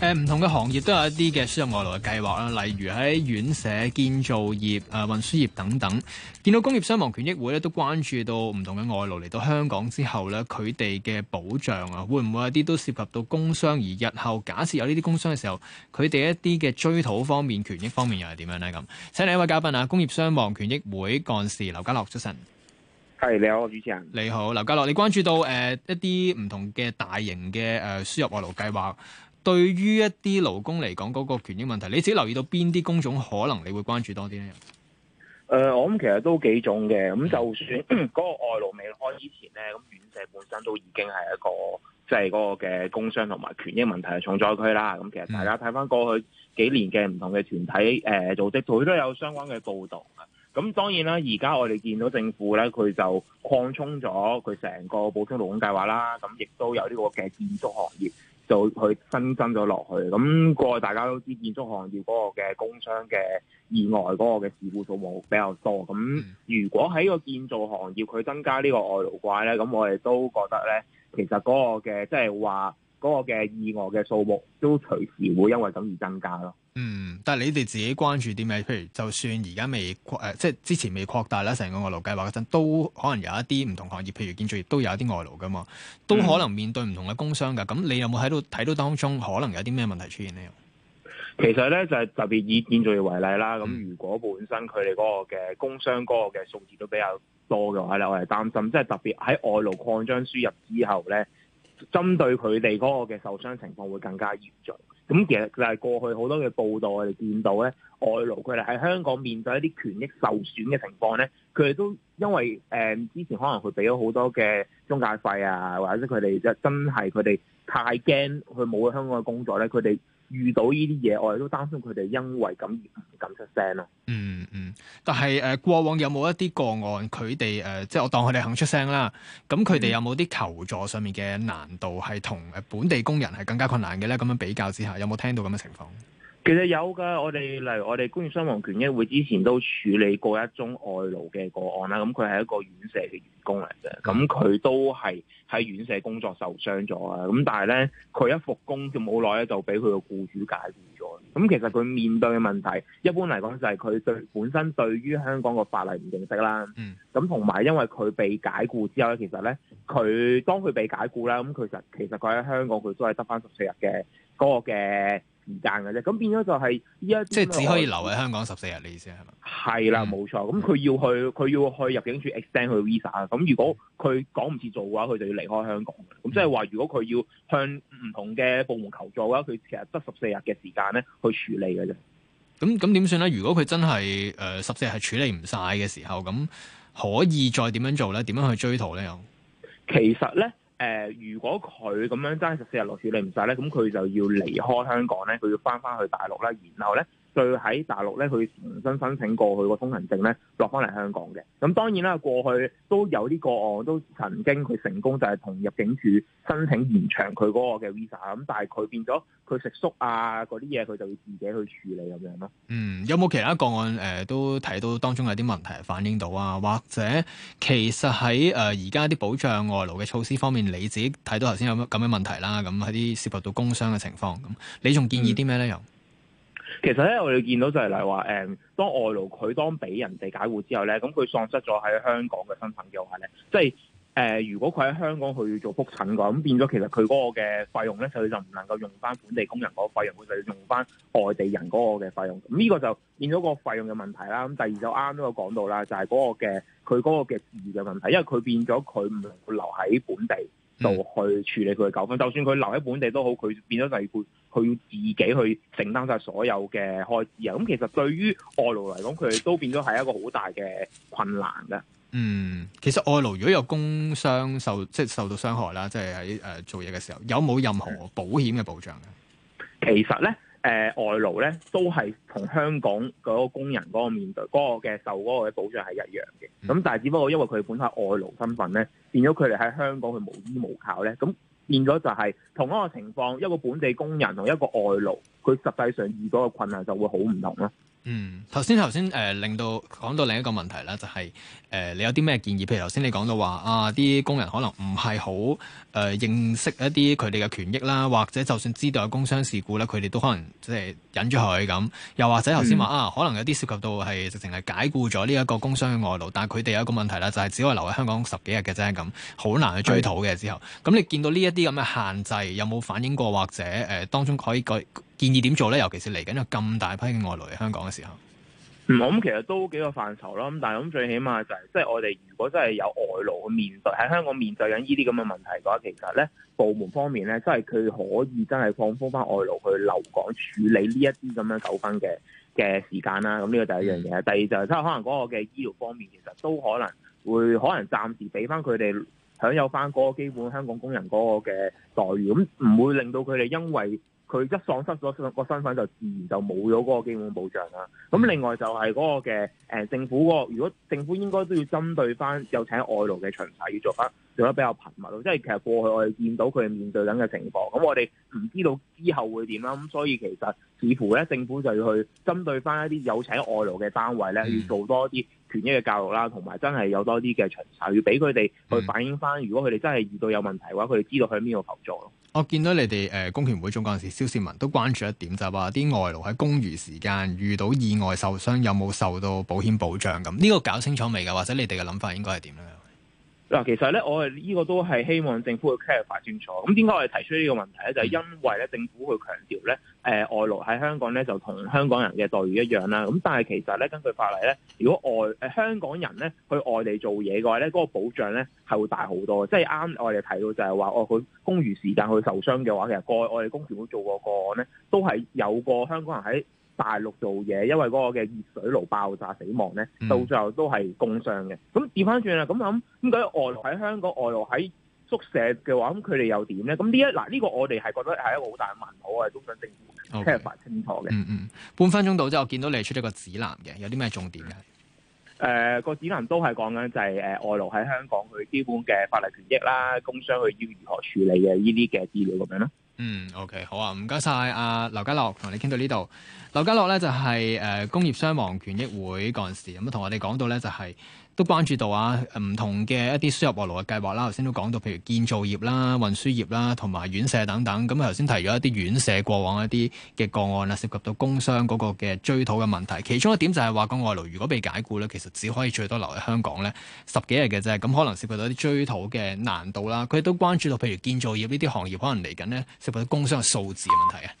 誒，唔、呃、同嘅行業都有一啲嘅輸入外勞嘅計劃啦，例如喺院舍、建造業、誒運輸業等等。見到工業傷亡權益會咧，都關注到唔同嘅外勞嚟到香港之後咧，佢哋嘅保障啊，會唔會有一啲都涉及到工傷？而日後假設有呢啲工傷嘅時候，佢哋一啲嘅追討方面、權益方面又係點樣呢？咁，請另一位嘉賓啊，工業傷亡權益會幹事劉家樂早晨。係，你好，主持人。你好，劉家樂，你關注到誒、呃、一啲唔同嘅大型嘅誒輸入外勞計劃。對於一啲勞工嚟講，嗰、那個權益問題，你自己留意到邊啲工種可能你會關注多啲咧？誒、呃，我諗其實都幾重嘅。咁就算嗰、 那個外勞未開以前咧，咁院舍本身都已經係一個即係嗰個嘅工傷同埋權益問題嘅重災區啦。咁其實大家睇返過去幾年嘅唔同嘅團體誒組織，佢、呃、都有相關嘅報道啊。咁當然啦，而家我哋見到政府咧，佢就擴充咗佢成個補充勞工計劃啦。咁亦都有呢個嘅建築行業。就去新增咗落去，咁、嗯、個大家都知建築行業嗰個嘅工傷嘅意外嗰個嘅事故數目比較多。咁、嗯、 如果喺個建造行業佢增加呢個外勞怪咧，咁我哋都覺得咧，其實嗰個嘅即係話。就是嗰個嘅意外嘅數目都隨時會因為咁而增加咯。嗯，但係你哋自己關注啲咩？譬如就算而家未誒，即係之前未擴大啦，成個外勞計劃嗰陣，都可能有一啲唔同行業，譬如建造業，都有一啲外勞㗎嘛，都可能面對唔同嘅工傷㗎。咁、嗯、你有冇喺度睇到當中可能有啲咩問題出現呢？其實咧就係、是、特別以建造業為例啦。咁如果本身佢哋嗰個嘅工傷嗰個嘅數字都比較多嘅話咧，我係擔心，即、就、係、是、特別喺外勞擴張輸入之後咧。針對佢哋嗰個嘅受傷情況會更加嚴重。咁其實就係過去好多嘅報道，我哋見到咧外勞佢哋喺香港面對一啲權益受損嘅情況咧，佢哋都因為誒之、呃、前可能佢俾咗好多嘅中介費啊，或者佢哋真真係佢哋太驚佢冇咗香港嘅工作咧，佢哋遇到呢啲嘢，我哋都擔心佢哋因為咁而唔敢出聲咯、嗯。嗯。但係誒、呃，過往有冇一啲個案，佢哋誒，即係我當佢哋肯出聲啦。咁佢哋有冇啲求助上面嘅難度係同誒本地工人係更加困難嘅咧？咁樣比較之下，有冇聽到咁嘅情況？其實有噶，我哋例如我哋工業傷亡權益會之前都處理過一宗外勞嘅個案啦。咁佢係一個院舍嘅員工嚟嘅，咁、嗯、佢、嗯、都係喺院舍工作受傷咗啊。咁、嗯、但係咧，佢一復工就冇耐咧，就俾佢個僱主解僱。咁、嗯、其實佢面對嘅問題，一般嚟講就係佢對本身對於香港個法例唔認識啦。咁同埋因為佢被解雇之後咧，其實咧佢當佢被解雇啦，咁其實其實佢喺香港佢都係得翻十四日嘅嗰個嘅。時間嘅啫，咁變咗就係依一，即係只可以留喺香港十四日，你意思係咪？係啦的，冇錯、嗯。咁佢要去，佢要去入境處 extend 佢 visa 啊。咁如果佢趕唔切做嘅話，佢就要離開香港。咁即係話，如果佢要向唔同嘅部門求助嘅話，佢其實得十四日嘅時間咧去處理嘅啫。咁咁點算咧？如果佢真係誒十四日係處理唔晒嘅時候，咁可以再點樣做咧？點樣去追討咧？又其實咧？誒、呃，如果佢咁樣爭十四日落處理唔曬咧，咁佢就要離開香港咧，佢要返返去大陸咧，然後咧。對，喺大陸咧，佢重新申請過去個通行證咧，落翻嚟香港嘅。咁當然啦，過去都有啲個案都曾經佢成功就係同入境處申請延長佢嗰個嘅 visa。咁但係佢變咗佢食宿啊嗰啲嘢，佢就要自己去處理咁樣咯。嗯，有冇其他個案誒、呃、都睇到當中有啲問題反映到啊？或者其實喺誒而家啲保障外勞嘅措施方面，你自己睇到頭先有乜咁嘅問題啦？咁喺啲涉及到工傷嘅情況，咁你仲建議啲咩咧？又、嗯？其實咧，我哋見到就係例如話，誒、嗯，當外勞佢當俾人哋解雇之後咧，咁、嗯、佢喪失咗喺香港嘅身份嘅話咧，即係誒、呃，如果佢喺香港去做覆診嘅話，咁變咗其實佢嗰個嘅費用咧，佢就唔能夠用翻本地工人嗰、嗯這個、個費用，佢就要用翻外地人嗰個嘅費用。咁呢個就變咗個費用嘅問題啦。咁第二就啱啱都講到啦，就係嗰個嘅佢嗰個嘅待遇嘅問題，因為佢變咗佢唔能夠留喺本地度去處理佢嘅糾紛。就算佢留喺本地都好，佢變咗第二佢要自己去承擔晒所有嘅開支啊！咁其實對於外勞嚟講，佢哋都變咗係一個好大嘅困難㗎。嗯，其實外勞如果有工傷受即係受到傷害啦，即係喺誒做嘢嘅時候，有冇任何保險嘅保障嘅、嗯？其實咧，誒、呃、外勞咧都係同香港嗰個工人嗰個面對嗰、嗰個嘅受嗰個嘅保障係一樣嘅。咁、嗯、但係，只不過因為佢本身外勞身份咧，變咗佢哋喺香港去無依無靠咧，咁、嗯。變咗就係同一個情況，一個本地工人同一個外勞，佢實際上遇到嘅困難就會好唔同咯。嗯，頭先頭先誒令到講到另一個問題啦，就係、是、誒、呃、你有啲咩建議？譬如頭先你講到話啊，啲工人可能唔係好誒認識一啲佢哋嘅權益啦，或者就算知道有工傷事故咧，佢哋都可能即係忍住佢咁。又或者頭先話啊，可能有啲涉及到係直情係解僱咗呢一個工傷嘅外勞，但係佢哋有一個問題啦，就係、是、只可以留喺香港十幾日嘅啫咁，好難去追討嘅。嗯、之後咁你見到呢一啲咁嘅限制，有冇反映過或者誒、呃、當中可以改？建議點做咧？尤其是嚟緊有咁大批嘅外勞嚟香港嘅時候，嗯，我諗其實都幾個範疇啦。咁但係咁最起碼就係，即係我哋如果真係有外勞去面對喺香港面對緊呢啲咁嘅問題嘅話，其實咧部門方面咧，真係佢可以真係放寬翻外勞去留港處理呢一啲咁樣糾紛嘅嘅時間啦。咁呢個第一樣嘢，第二就係，即係可能嗰個嘅醫療方面，其實都可能會可能暫時俾翻佢哋享有翻嗰個基本香港工人嗰個嘅待遇，咁唔會令到佢哋因為。佢一喪失咗個身份，就自然就冇咗嗰個基本保障啦。咁另外就係嗰個嘅誒、呃、政府、個，如果政府應該都要針對翻有請外勞嘅巡查，要做翻做得比較頻密咯。即係其實過去我哋見到佢面對緊嘅情況，咁我哋唔知道之後會點啦。咁所以其實似乎咧，政府就要去針對翻一啲有請外勞嘅單位咧，嗯、要做多啲權益嘅教育啦，同埋真係有多啲嘅巡查，要俾佢哋去反映翻，嗯、如果佢哋真係遇到有問題嘅話，佢哋知道佢喺邊度求助咯。我見到你哋誒工權會總幹事時，蕭倩文都關注一點，就話啲外勞喺公餘時間遇到意外受傷，有冇受到保險保障咁？呢個搞清楚未㗎？或者你哋嘅諗法應該係點樣？嗱，其實咧，我哋呢個都係希望政府去 care 發清楚。咁點解我哋提出呢個問題咧？就係、是、因為咧，政府去強調咧，誒、呃、外勞喺香港咧就同香港人嘅待遇一樣啦。咁但係其實咧，根據法例咧，如果外誒、呃、香港人咧去外地做嘢嘅話咧，嗰、那個保障咧係會大好多。即係啱我哋提到就係話，哦佢工餘時間去受傷嘅話，其實個我哋工權會做過個案咧，都係有個香港人喺大陸做嘢，因為嗰個嘅熱水爐爆炸死亡咧，嗯、到最後都係工傷嘅。咁調翻轉啊，咁諗點解外勞喺香港外勞喺宿舍嘅話，咁佢哋又點咧？咁呢一嗱呢、呢個我哋係覺得係一個好大嘅問號啊，都想政府揭發清楚嘅。嗯嗯，半分鐘到之後，見到你出咗個指南嘅，有啲咩重點嘅？誒、呃，個指南都係講緊就係誒外勞喺香港佢基本嘅法律權益啦，工傷佢要如何處理嘅呢啲嘅資料咁樣咯。嗯，OK，好啊，唔該晒。阿、啊、劉家樂同你傾到呢度。劉家樂咧就係誒工業傷亡權益會嗰陣時咁同我哋講到咧就係都關注到啊唔同嘅一啲輸入外勞嘅計劃啦。頭先都講到，譬如建造業啦、運輸業啦，同埋院舍等等。咁啊，頭先提咗一啲院舍過往一啲嘅個案啊，涉及到工傷嗰個嘅追討嘅問題。其中一點就係話，個外勞如果被解僱咧，其實只可以最多留喺香港咧十幾日嘅啫。咁可能涉及到一啲追討嘅難度啦。佢哋都關注到，譬如建造業呢啲行業可能嚟緊呢，涉及到工傷嘅數字嘅問題啊。